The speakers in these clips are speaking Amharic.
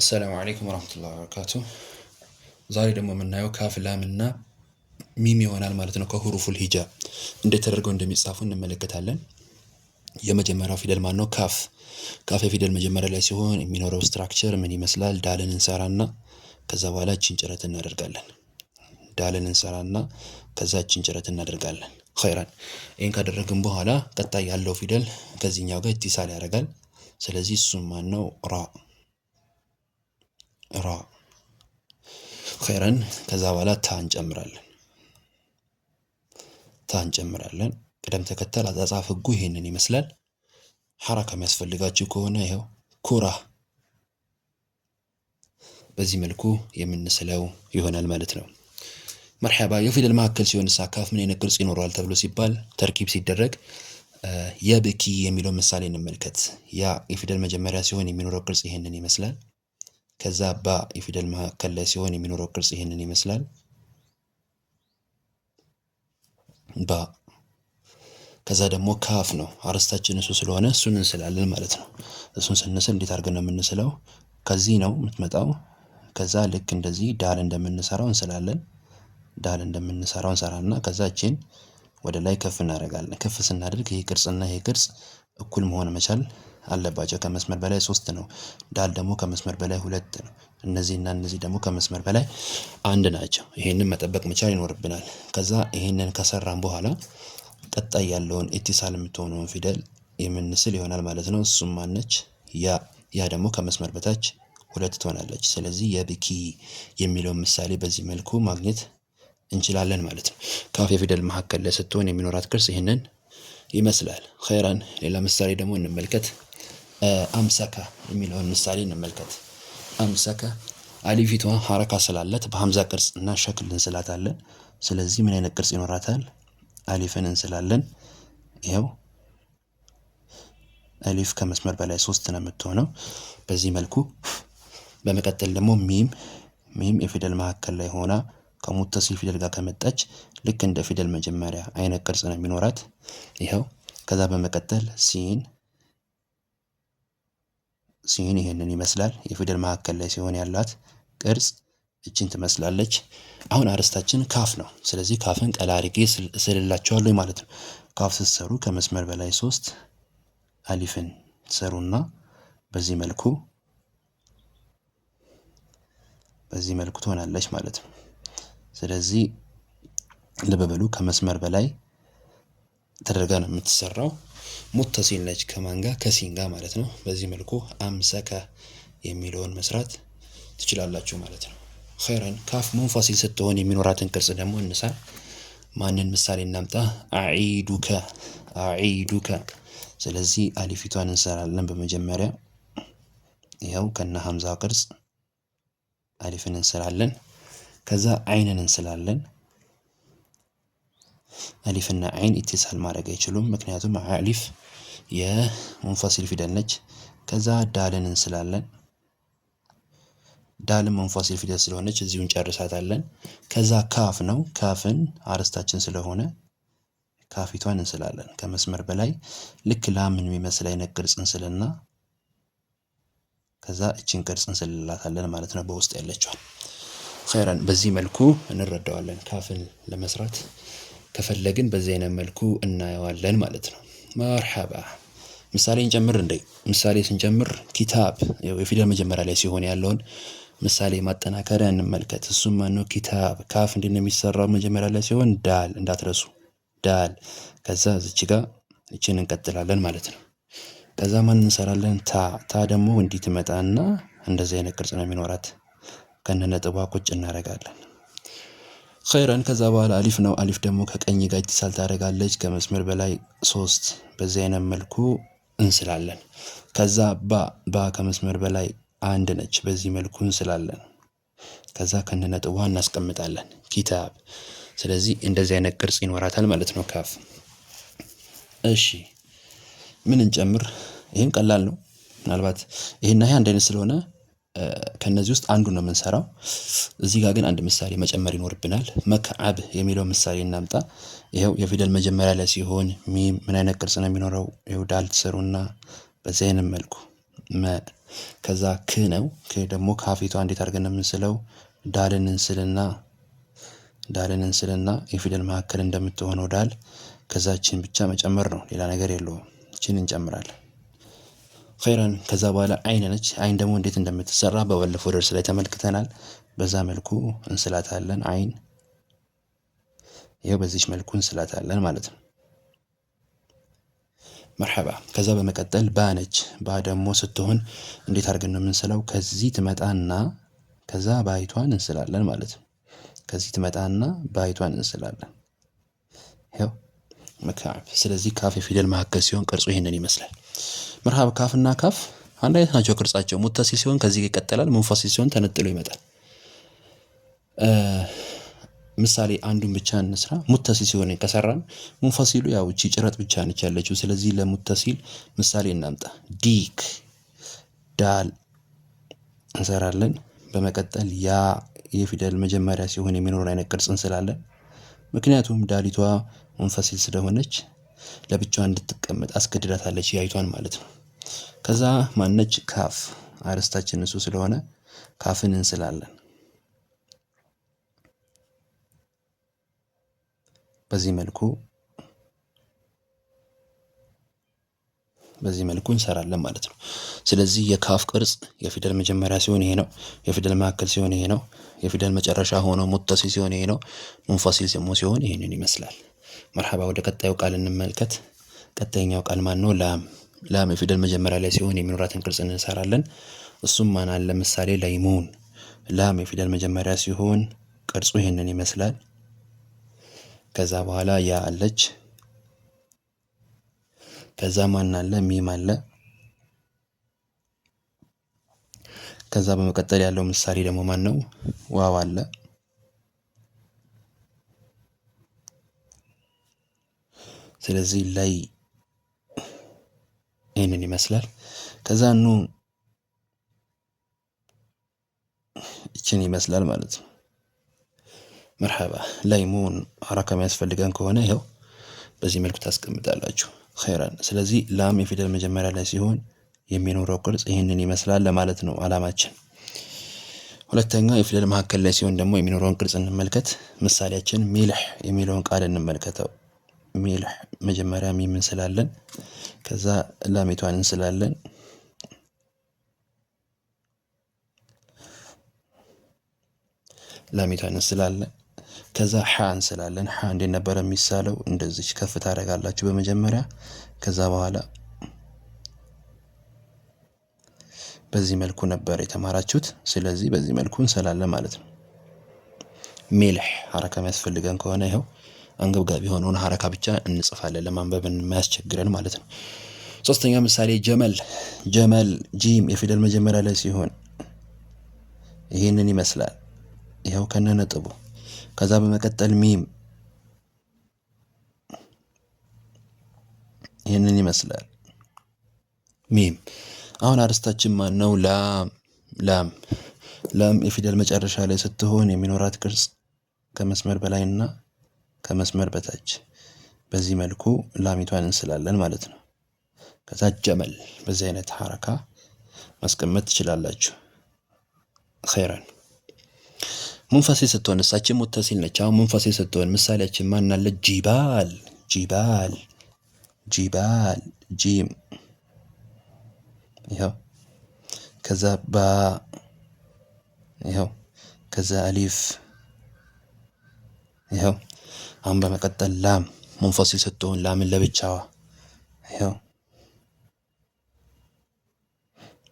አሰላሙ አለይኩም ወረህመቱላሂ ወበረካቱ። ዛሬ ደግሞ የምናየው ካፍ ላም እና ሚም ይሆናል ማለት ነው። ከሁሩፉል ሂጃ እንዴት ተደርገው እንደሚጻፉ እንመለከታለን። የመጀመሪያው ፊደል ማን ነው? ካፍ። ካፍ የፊደል መጀመሪያ ላይ ሲሆን የሚኖረው ስትራክቸር ምን ይመስላል? ዳልን እንሰራና ከዛ በኋላ ችን ጭረት እናደርጋለን። ዳልን እንሰራና ከዛ እችን ጭረት እናደርጋለን። ኸይራን ይህን ካደረግን በኋላ ቀጣይ ያለው ፊደል ከዚህኛው ጋር ኢትሳል ያደርጋል። ስለዚህ እሱም ማን ነው? ራ ራ ኸይረን ከዛ በኋላ ታ እንጨምራለን። ታ እንጨምራለን። ቅደም ተከተል አጻጻፍ ህጉ ይሄንን ይመስላል። ሐረካ የሚያስፈልጋችሁ ከሆነ ይኸው ኩራ በዚህ መልኩ የምንስለው ይሆናል ማለት ነው። መርሐባ የፊደል መካከል ሲሆን ሳካፍ ምን አይነት ቅርጽ ይኖረዋል ተብሎ ሲባል ተርኪብ ሲደረግ የብኪ የሚለውን ምሳሌ እንመልከት። ያ የፊደል መጀመሪያ ሲሆን የሚኖረው ቅርጽ ይህንን ይመስላል። ከዛ ባ የፊደል መካከል ላይ ሲሆን የሚኖረው ቅርጽ ይህንን ይመስላል። ባ ከዛ ደግሞ ካፍ ነው። አርስታችን እሱ ስለሆነ እሱን እንስላለን ማለት ነው። እሱን ስንስል እንዴት አድርገን ነው የምንስለው? ከዚህ ነው የምትመጣው። ከዛ ልክ እንደዚህ ዳል እንደምንሰራው እንስላለን። ዳል እንደምንሰራው እንሰራና ከዛችን ወደ ላይ ከፍ እናደርጋለን። ከፍ ስናደርግ ይህ ቅርጽና ይህ ቅርጽ እኩል መሆን መቻል አለባቸው ከመስመር በላይ ሶስት ነው። ዳል ደግሞ ከመስመር በላይ ሁለት ነው። እነዚህ እና እነዚህ ደግሞ ከመስመር በላይ አንድ ናቸው። ይሄንን መጠበቅ መቻል ይኖርብናል። ከዛ ይሄንን ከሰራን በኋላ ቀጣይ ያለውን ኢቲሳል የምትሆነውን ፊደል የምንስል ይሆናል ማለት ነው። እሱም ማነች? ያ ያ ደግሞ ከመስመር በታች ሁለት ትሆናለች። ስለዚህ የብኪ የሚለውን ምሳሌ በዚህ መልኩ ማግኘት እንችላለን ማለት ነው። ካፍ የፊደል መካከል ላይ ስትሆን የሚኖራት ቅርጽ ይህንን ይመስላል። ኸይራን ሌላ ምሳሌ ደግሞ እንመልከት። አምሰከ የሚለውን ምሳሌ እንመልከት። አምሰከ አሊፍ ፊቷ ሐረካ ስላላት በሐምዛ ቅርጽ እና ሸክል እንስላታለን። ስለዚህ ምን አይነት ቅርጽ ይኖራታል? አሊፍን እንስላለን። ይኸው አሊፍ ከመስመር በላይ ሶስት ነው የምትሆነው በዚህ መልኩ። በመቀጠል ደግሞ ሚም ሚም የፊደል መካከል ላይ ሆና ከሙተሲል ፊደል ጋር ከመጣች ልክ እንደ ፊደል መጀመሪያ አይነት ቅርጽ ነው የሚኖራት። ይኸው ከዛ በመቀጠል ሲን ሲሆን ይሄንን ይመስላል። የፊደል መካከል ላይ ሲሆን ያላት ቅርጽ እችን ትመስላለች። አሁን አርዕስታችን ካፍ ነው። ስለዚህ ካፍን ቀላ አድርጌ ስልላቸዋለሁ ማለት ነው። ካፍ ስትሰሩ ከመስመር በላይ ሶስት አሊፍን ሰሩና በዚህ መልኩ በዚህ መልኩ ትሆናለች ማለት ነው። ስለዚህ ልብ በሉ ከመስመር በላይ ተደርጋ ነው የምትሰራው። ሙተሲል ነች ከማን ጋር ከሲን ጋር ማለት ነው። በዚህ መልኩ አምሰከ የሚለውን መስራት ትችላላችሁ ማለት ነው። ኸይረን ካፍ ሙንፋሲል ስትሆን የሚኖራትን ቅርጽ ደግሞ እንሳ። ማንን ምሳሌ እናምጣ? አዒዱከ አዒዱከ። ስለዚህ አሊፊቷን እንሰራለን በመጀመሪያ ይኸው ከነ ሀምዛ ቅርጽ አሊፍን እንስላለን። ከዛ አይንን እንስላለን። አሊፍና አይን ኢትሳል ማድረግ አይችሉም፣ ምክንያቱም አሊፍ የመንፋሲል ፊደል ነች። ከዛ ዳልን እንስላለን። ዳልን ሙንፋሲል ፊደል ስለሆነች እዚሁን ጨርሳታለን። ከዛ ካፍ ነው። ካፍን አርስታችን ስለሆነ ካፊቷን እንስላለን። ከመስመር በላይ ልክ ላምን የሚመስል አይነት ቅርጽ እንስልና ከዛ እችን ቅርጽ እንስልላታለን ማለት ነው። በውስጥ ያለችዋል ኸይረን። በዚህ መልኩ እንረዳዋለን። ካፍን ለመስራት ከፈለግን በዚህ አይነት መልኩ እናየዋለን ማለት ነው። መርሐባ ምሳሌ ጨምር እንዴ? ምሳሌ ስንጨምር ኪታብ የፊደል መጀመሪያ ላይ ሲሆን ያለውን ምሳሌ ማጠናከሪያ እንመልከት። እሱም ማነው? ኪታብ ካፍ እንዴት ነው የሚሰራው? መጀመሪያ ላይ ሲሆን ዳል እንዳትረሱ፣ ዳል ከዛ ዝች ጋር እችን እንቀጥላለን ማለት ነው። ከዛ ማን እንሰራለን? ታ ታ ደግሞ እንዲህ ትመጣና እንደዚህ አይነት ቅርጽ ነው የሚኖራት። ከነነጥቧ ቁጭ እናደርጋለን። ኸይረን ከዛ በኋላ አሊፍ ነው። አሊፍ ደግሞ ከቀኝ ጋር ትሳል ታደርጋለች ከመስመር በላይ ሶስት። በዚህ አይነት መልኩ እንስላለን። ከዛ ባ ባ ከመስመር በላይ አንድ ነች። በዚህ መልኩ እንስላለን። ከዛ ከነነጥቧ እናስቀምጣለን። ኪታብ ስለዚህ እንደዚህ አይነት ቅርጽ ይኖራታል ማለት ነው። ካፍ እሺ፣ ምን እንጨምር? ይህም ቀላል ነው። ምናልባት ይህና ይህ አንድ አይነት ስለሆነ ከነዚህ ውስጥ አንዱ ነው የምንሰራው። እዚህ ጋር ግን አንድ ምሳሌ መጨመር ይኖርብናል መክዓብ የሚለው ምሳሌ እናምጣ። ይኸው የፊደል መጀመሪያ ላይ ሲሆን ሚም ምን አይነት ቅርጽ ነው የሚኖረው? ይኸው ዳል ትሰሩና በዚህ አይነት መልኩ መ ከዛ ክ ነው ክ ደግሞ ካፊቷ እንዴት አድርገን የምንስለው? ዳልን እንስልና ዳልን እንስልና የፊደል መካከል እንደምትሆነው ዳል ከዛችን ብቻ መጨመር ነው፣ ሌላ ነገር የለውም። ችን እንጨምራለን ኸይረን ከዛ በኋላ አይን ነች። አይን ደግሞ እንዴት እንደምትሰራ በባለፈው ደርስ ላይ ተመልክተናል። በዛ መልኩ እንስላታለን። አይን ይኸው በዚች መልኩ እንስላታለን ማለት ነው። መርሐባ ከዛ በመቀጠል ባ ነች ባ ደግሞ ስትሆን እንዴት አድርገን ነው የምንስለው? ከዚህ ትመጣና ከዛ ባይቷን እንስላለን ማለት ነው። ከዚህ ትመጣና ባይቷን እንስላለን። መካፍ ስለዚህ ካፍ የፊደል መካከል ሲሆን ቅርጹ ይህንን ይመስላል። መርሃብ ካፍና ካፍ አንድ አይነት ናቸው ቅርጻቸው። ሙተሲል ሲሆን ከዚህ ይቀጠላል። ሙንፋሲል ሲሆን ተነጥሎ ይመጣል። ምሳሌ አንዱን ብቻ እንስራ። ሙተሲል ሲሆን ከሰራን ሙንፋሲሉ ያው እቺ ጭረጥ ብቻ ነች ያለችው። ስለዚህ ለሙተሲል ምሳሌ እናምጣ። ዲክ ዳል እንሰራለን። በመቀጠል ያ የፊደል መጀመሪያ ሲሆን የሚኖር አይነት ቅርጽ እንስላለን። ምክንያቱም ዳሊቷ ወንፈሲል ስለሆነች ለብቻዋ እንድትቀመጥ አስገድዳታለች ያይቷን ማለት ነው። ከዛ ማነች ካፍ አርስታችን እሱ ስለሆነ ካፍን እንስላለን። በዚህ መልኩ በዚህ መልኩ እንሰራለን ማለት ነው። ስለዚህ የካፍ ቅርጽ የፊደል መጀመሪያ ሲሆን ይሄ ነው። የፊደል መካከል ሲሆን ይሄ ነው። የፊደል መጨረሻ ሆኖ ሙተሲ ሲሆን ይሄ ነው። ሙንፋሲል ሲሞ ሲሆን ይህንን ይመስላል። መርሐባ፣ ወደ ቀጣዩ ቃል እንመልከት። ቀጣይኛው ቃል ማን ነው? ላም። ላም የፊደል መጀመሪያ ላይ ሲሆን የሚኖራትን ቅርጽ እንሰራለን። እሱም ማን አለ? ለምሳሌ ላይሙን። ላም የፊደል መጀመሪያ ሲሆን ቅርጹ ይህንን ይመስላል። ከዛ በኋላ ያ አለች ከዛ ማን አለ ሚም አለ። ከዛ በመቀጠል ያለው ምሳሌ ደግሞ ማን ነው? ዋው አለ። ስለዚህ ላይ ይህንን ይመስላል። ከዛ ኑ ይችን ይመስላል ማለት ነው። መርሐባ ላይ ሙን አራ ከሚያስፈልገን ከሆነ ይኸው በዚህ መልኩ ታስቀምጣላችሁ። ኸይረን። ስለዚህ ላም የፊደል መጀመሪያ ላይ ሲሆን የሚኖረው ቅርጽ ይህንን ይመስላል ለማለት ነው አላማችን ሁለተኛ የፊደል መካከል ላይ ሲሆን ደግሞ የሚኖረውን ቅርጽ እንመልከት። ምሳሌያችን ሚልህ የሚለውን ቃል እንመልከተው። ሚልህ መጀመሪያ ሚም እንስላለን፣ ከዛ ላሚቷን እንስላለን ላሚቷን እንስላለን ከዛ ሐ እንስላለን ሐ እንዴት ነበረ የሚሳለው? እንደዚች ከፍ ታደርጋላችሁ በመጀመሪያ ከዛ በኋላ በዚህ መልኩ ነበር የተማራችሁት። ስለዚህ በዚህ መልኩ እንስላለን ማለት ነው። ሜልሕ ሀረካ የሚያስፈልገን ከሆነ ይኸው አንገብጋቢ የሆነውን ሀረካ ብቻ እንጽፋለን ለማንበብ የማያስቸግረን ማለት ነው። ሶስተኛ ምሳሌ ጀመል። ጀመል ጂም የፊደል መጀመሪያ ላይ ሲሆን ይህንን ይመስላል። ይኸው ከነነጥቡ ነጥቡ ከዛ በመቀጠል ሚም ይህንን ይመስላል። ሚም አሁን አርስታችን ማን ነው? ላም ላም ላም የፊደል መጨረሻ ላይ ስትሆን የሚኖራት ቅርጽ ከመስመር በላይ እና ከመስመር በታች በዚህ መልኩ ላሚቷን እንስላለን ማለት ነው። ከዛ ጀመል በዚህ አይነት ሀረካ ማስቀመጥ ትችላላችሁ። ኸይረን ሙንፈሴ ስትሆን እሳችን ሙተሲል ነች። አሁን መንፈሴ ስትሆን ምሳሌያችን ማናለ? ጂባል ጂባል ጂባል ጂም ይኸው፣ ከዛ ባ ይኸው፣ ከዛ አሊፍ ይኸው። አሁን በመቀጠል ላም ሙንፈሲል ስትሆን ላምን ለብቻዋ ይኸው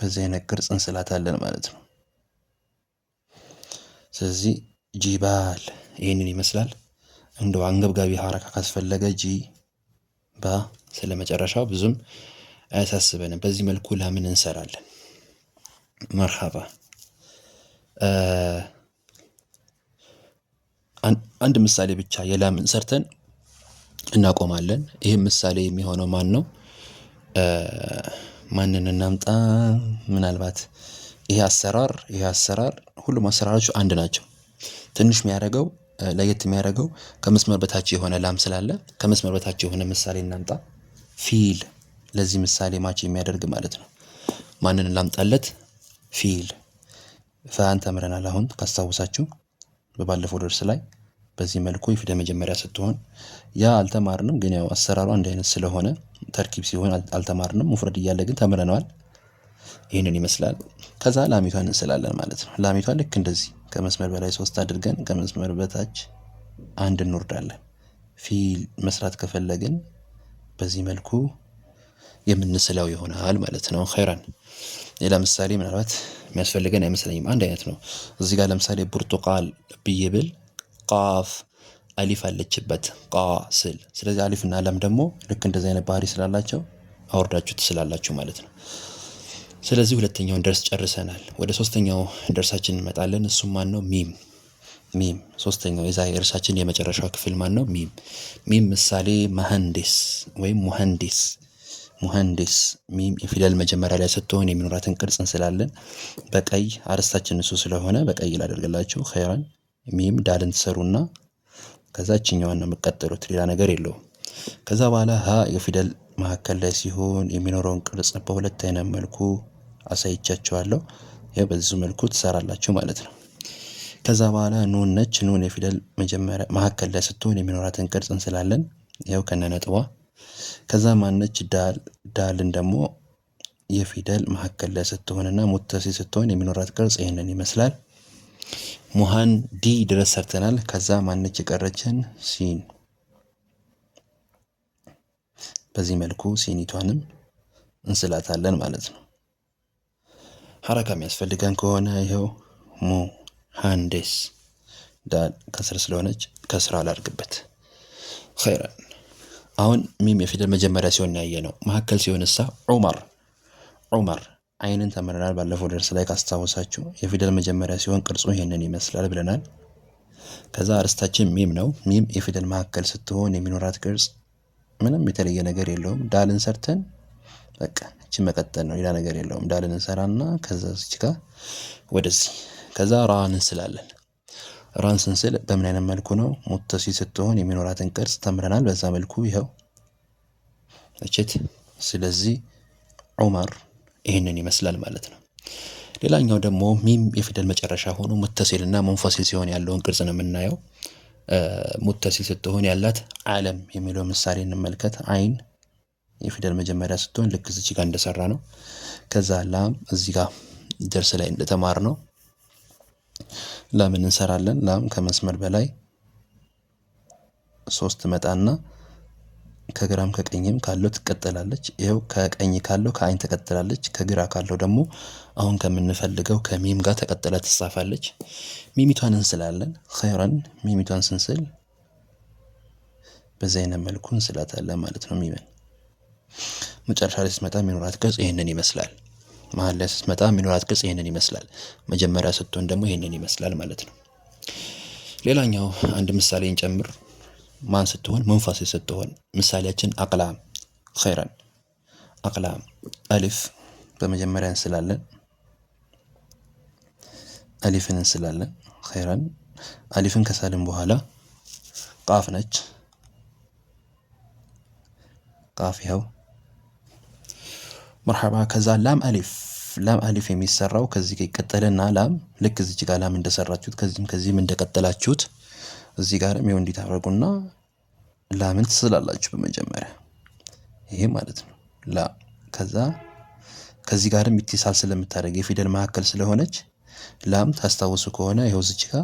በዚህ አይነት ቅርጽ እንስላታለን ማለት ነው። ስለዚህ ጂባል ይህንን ይመስላል። እንደው አንገብጋቢ ሀረካ ካስፈለገ ጂ ባ ስለመጨረሻው ብዙም አያሳስበንም። በዚህ መልኩ ላምን እንሰራለን። መርሃባ አንድ ምሳሌ ብቻ የላምን ሰርተን እናቆማለን። ይህም ምሳሌ የሚሆነው ማን ነው? ማንን እናምጣ? ምናልባት ይሄ አሰራር ይሄ አሰራር ሁሉም አሰራሮች አንድ ናቸው። ትንሽ የሚያደርገው ለየት የሚያደርገው ከመስመር በታች የሆነ ላም ስላለ ከመስመር በታች የሆነ ምሳሌ እናምጣ። ፊል ለዚህ ምሳሌ ማች የሚያደርግ ማለት ነው። ማንን ላምጣለት? ፊል ፈን ተምረናል። አሁን ካስታውሳችሁ በባለፈው ደርስ ላይ በዚህ መልኩ የፊደል መጀመሪያ ስትሆን ያ አልተማርንም፣ ግን ያው አሰራሩ አንድ አይነት ስለሆነ ተርኪብ ሲሆን አልተማርንም። ሙፍረድ እያለ ግን ተምረነዋል። ይህንን ይመስላል። ከዛ ላሚቷን እንስላለን ማለት ነው። ላሚቷን ልክ እንደዚህ ከመስመር በላይ ሶስት አድርገን ከመስመር በታች አንድ እንወርዳለን። ፊል መስራት ከፈለግን በዚህ መልኩ የምንስለው ይሆናል ማለት ነው። ኸይራን ሌላ ምሳሌ ምናልባት የሚያስፈልገን አይመስለኝም። አንድ አይነት ነው። እዚህ ጋር ለምሳሌ ቡርቱቃል ብዬ ብል ቃፍ አሊፍ አለችበት ቃ ስል፣ ስለዚህ አሊፍና ለም ላም ደግሞ ልክ እንደዚህ አይነት ባህሪ ስላላቸው አውርዳችሁ ትስላላችሁ ማለት ነው። ስለዚህ ሁለተኛውን ደርስ ጨርሰናል። ወደ ሶስተኛው ደርሳችን እንመጣለን። እሱም ማን ነው? ሚም ሚም። ሶስተኛው የዛሬ ደርሳችን የመጨረሻው ክፍል ማን ነው? ሚም ሚም። ምሳሌ መሐንዲስ ወይም ሙሐንዲስ ሙሐንዲስ። ሚም የፊደል መጀመሪያ ላይ ስትሆን የሚኖራትን ቅርጽ እንስላለን። በቀይ አርስታችን እሱ ስለሆነ በቀይ ላደርግላችሁ። ኸይራን ሚም ዳልን ትሰሩና ከዛችኛዋን ነው የምቀጥሉት። ሌላ ነገር የለውም። ከዛ በኋላ ሀ የፊደል መካከል ላይ ሲሆን የሚኖረውን ቅርጽ በሁለት አይነት መልኩ አሳይቻችኋለሁ ይኸው በዚህ መልኩ ትሰራላችሁ ማለት ነው። ከዛ በኋላ ኑን ነች ኑን የፊደል መጀመሪያ መካከል ላይ ስትሆን የሚኖራትን ቅርጽ እንስላለን ይኸው ከነነጥቧ። ከዛ ማነች ዳል ዳልን ደግሞ የፊደል መካከል ላይ ስትሆንና ሙተሴ ስትሆን የሚኖራት ቅርጽ ይህንን ይመስላል። ሙሃን ዲ ድረስ ሰርተናል። ከዛ ማነች የቀረችን ሲን በዚህ መልኩ ሲኒቷንም እንስላታለን ማለት ነው። ሐረካ የሚያስፈልገን ከሆነ ይኸው ሙ ሃንዴስ ዳል ከስር ስለሆነች ከስራ አላርግበት። ኸይረን አሁን ሚም የፊደል መጀመሪያ ሲሆን ያየ ነው። መካከል ሲሆን እሳ ዑመር ዑመር አይንን ተምረናል። ባለፈው ደርስ ላይ ካስታወሳችሁ የፊደል መጀመሪያ ሲሆን ቅርጹ ይህንን ይመስላል ብለናል። ከዛ አርስታችን ሚም ነው። ሚም የፊደል መካከል ስትሆን የሚኖራት ቅርጽ ምንም የተለየ ነገር የለውም። ዳልን ሰርተን በቃ ይቺን መቀጠል ነው ሌላ ነገር የለውም። ዳልን እንሰራና ከዛ እዚች ጋር ወደዚህ ከዛ ራን እንስላለን። ራን ስንስል በምን አይነት መልኩ ነው? ሙተሲል ስትሆን የሚኖራትን ቅርጽ ተምረናል። በዛ መልኩ ይኸው እችት። ስለዚህ ዑመር ይህንን ይመስላል ማለት ነው። ሌላኛው ደግሞ ሚም የፊደል መጨረሻ ሆኖ ሙተሲልና መንፈሲል ሲሆን ያለውን ቅርጽ ነው የምናየው። ሙተሲል ስትሆን ያላት አለም የሚለው ምሳሌ እንመልከት። አይን የፊደል መጀመሪያ ስትሆን ልክ እዚች ጋር እንደሰራ ነው። ከዛ ላም እዚህ ጋር ደርስ ላይ እንደተማር ነው። ላምን እንሰራለን። ላም ከመስመር በላይ ሶስት መጣና ከግራም ከቀኝም ካለው ትቀጠላለች ይኸው ከቀኝ ካለው ከአይን ተቀጥላለች ከግራ ካለው ደግሞ አሁን ከምንፈልገው ከሚም ጋር ተቀጥላ ትጻፋለች። ሚሚቷን እንስላለን ኸይረን ሚሚቷን ስንስል በዚህ አይነት መልኩ እንስላታለን ማለት ነው። ሚምን መጨረሻ ላይ ስትመጣ የሚኖራት ቅርጽ ይህንን ይመስላል። መሀል ላይ ስትመጣ የሚኖራት ቅርጽ ይህንን ይመስላል። መጀመሪያ ስትሆን ደግሞ ይህንን ይመስላል ማለት ነው። ሌላኛው አንድ ምሳሌ እንጨምር። ማን ስትሆን መንፈስ ስትሆን ምሳሌያችን አቅላም ኸይረን አቅላም አሊፍ በመጀመሪያ እንስላለን አሊፍን እንስላለን ኸይረን አሊፍን ከሳልን በኋላ ቃፍ ነች ቃፍ ይኸው መርሐባ ከዛ ላም አሊፍ ላም አሊፍ የሚሰራው ከዚህ ይቀጠልና ላም ልክ እዚች ጋር ላም እንደሰራችሁት ከዚህም ከዚህም እንደቀጠላችሁት እዚህ ጋር ሚው እንዲህ ታደርጉና ላምን ትስላላችሁ በመጀመሪያ ይሄ ማለት ነው ላ ከዛ ከዚህ ጋርም ኢትሳል ስለምታደርግ የፊደል መካከል ስለሆነች ላም ታስታውሱ ከሆነ ይኸው እዚች ጋ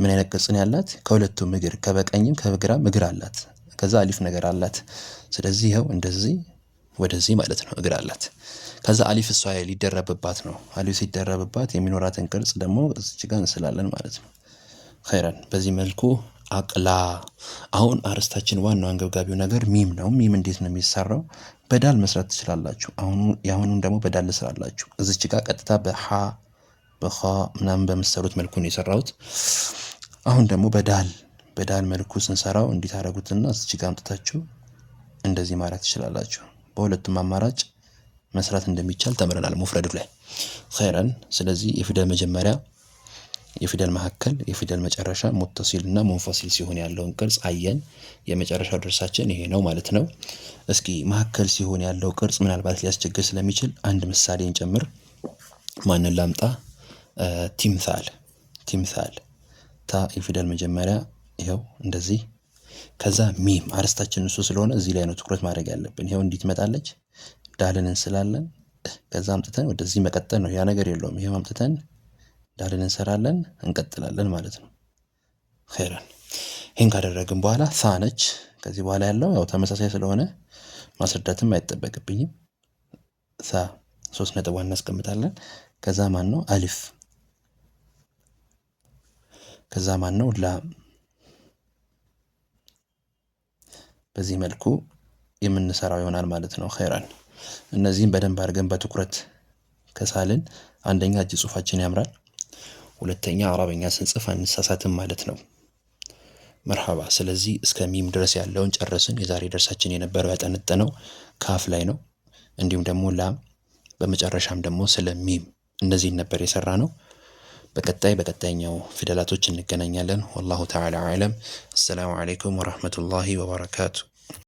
ምን አይነት ቅርጽን ያላት ከሁለቱም እግር ከበቀኝም ከግራም እግር አላት። ከዛ አሊፍ ነገር አላት። ስለዚህ ይኸው እንደዚህ ወደዚህ ማለት ነው እግር አላት። ከዛ አሊፍ እሷ ሊደረብባት ነው። አሊፍ ሲደረብባት የሚኖራትን ቅርጽ ደግሞ እዚች ጋ እንስላለን ማለት ነው። ኸይረን በዚህ መልኩ አቅላ። አሁን አርዕስታችን ዋናው አንገብጋቢው ነገር ሚም ነው። ሚም እንዴት ነው የሚሰራው? በዳል መስራት ትችላላችሁ። የአሁኑን ደግሞ በዳል ልስራላችሁ። እዚች ጋር ቀጥታ በሀ በኻ ምናምን በምሰሩት መልኩ ነው የሰራሁት። አሁን ደግሞ በዳል በዳል መልኩ ስንሰራው እንዴት አደረጉትና እዚች ጋር አምጥታችሁ እንደዚህ ማራት ትችላላችሁ። በሁለቱም አማራጭ መስራት እንደሚቻል ተምረናል ሙፍረዱ ላይ ኸይረን። ስለዚህ የፊደል መጀመሪያ የፊደል መካከል የፊደል መጨረሻ ሙተሲል እና ሙንፈሲል ሲሆን ያለውን ቅርጽ አየን። የመጨረሻው ድርሳችን ይሄ ነው ማለት ነው። እስኪ መካከል ሲሆን ያለው ቅርጽ ምናልባት ሊያስቸግር ስለሚችል አንድ ምሳሌ እንጨምር። ማንን ላምጣ? ቲምሳል ቲምሳል ታ የፊደል መጀመሪያ ይኸው እንደዚህ ከዛ ሚም አርስታችን እሱ ስለሆነ እዚህ ላይ ነው ትኩረት ማድረግ ያለብን። ይኸው እንዲህ ትመጣለች ዳልን እንስላለን። ከዛ አምጥተን ወደዚህ መቀጠል ነው። ያ ነገር የለውም። ይኸው አምጥተን ዳርን እንሰራለን እንቀጥላለን ማለት ነው። ኸይረን ይህን ካደረግን በኋላ ሳነች ከዚህ በኋላ ያለው ያው ተመሳሳይ ስለሆነ ማስረዳትም አይጠበቅብኝም። ሳ ሶስት ነጥቧን እናስቀምጣለን። ከዛ ማን ነው አሊፍ፣ ከዛ ማን ነው ላ። በዚህ መልኩ የምንሰራው ይሆናል ማለት ነው። ኸይረን እነዚህም በደንብ አድርገን በትኩረት ከሳልን አንደኛ እጅ ጽሁፋችን ያምራል። ሁለተኛ አረበኛ ስንጽፍ አንሳሳትም ማለት ነው። መርሃባ ስለዚህ እስከ ሚም ድረስ ያለውን ጨረስን። የዛሬ ደርሳችን የነበረው ያጠነጠነው ካፍ ላይ ነው፣ እንዲሁም ደግሞ ላም፣ በመጨረሻም ደግሞ ስለ ሚም። እነዚህን ነበር የሰራ ነው። በቀጣይ በቀጣይኛው ፊደላቶች እንገናኛለን። ወላሁ ተዓላ አዕለም። አሰላሙ አለይኩም ወራህመቱላሂ ወበረካቱ።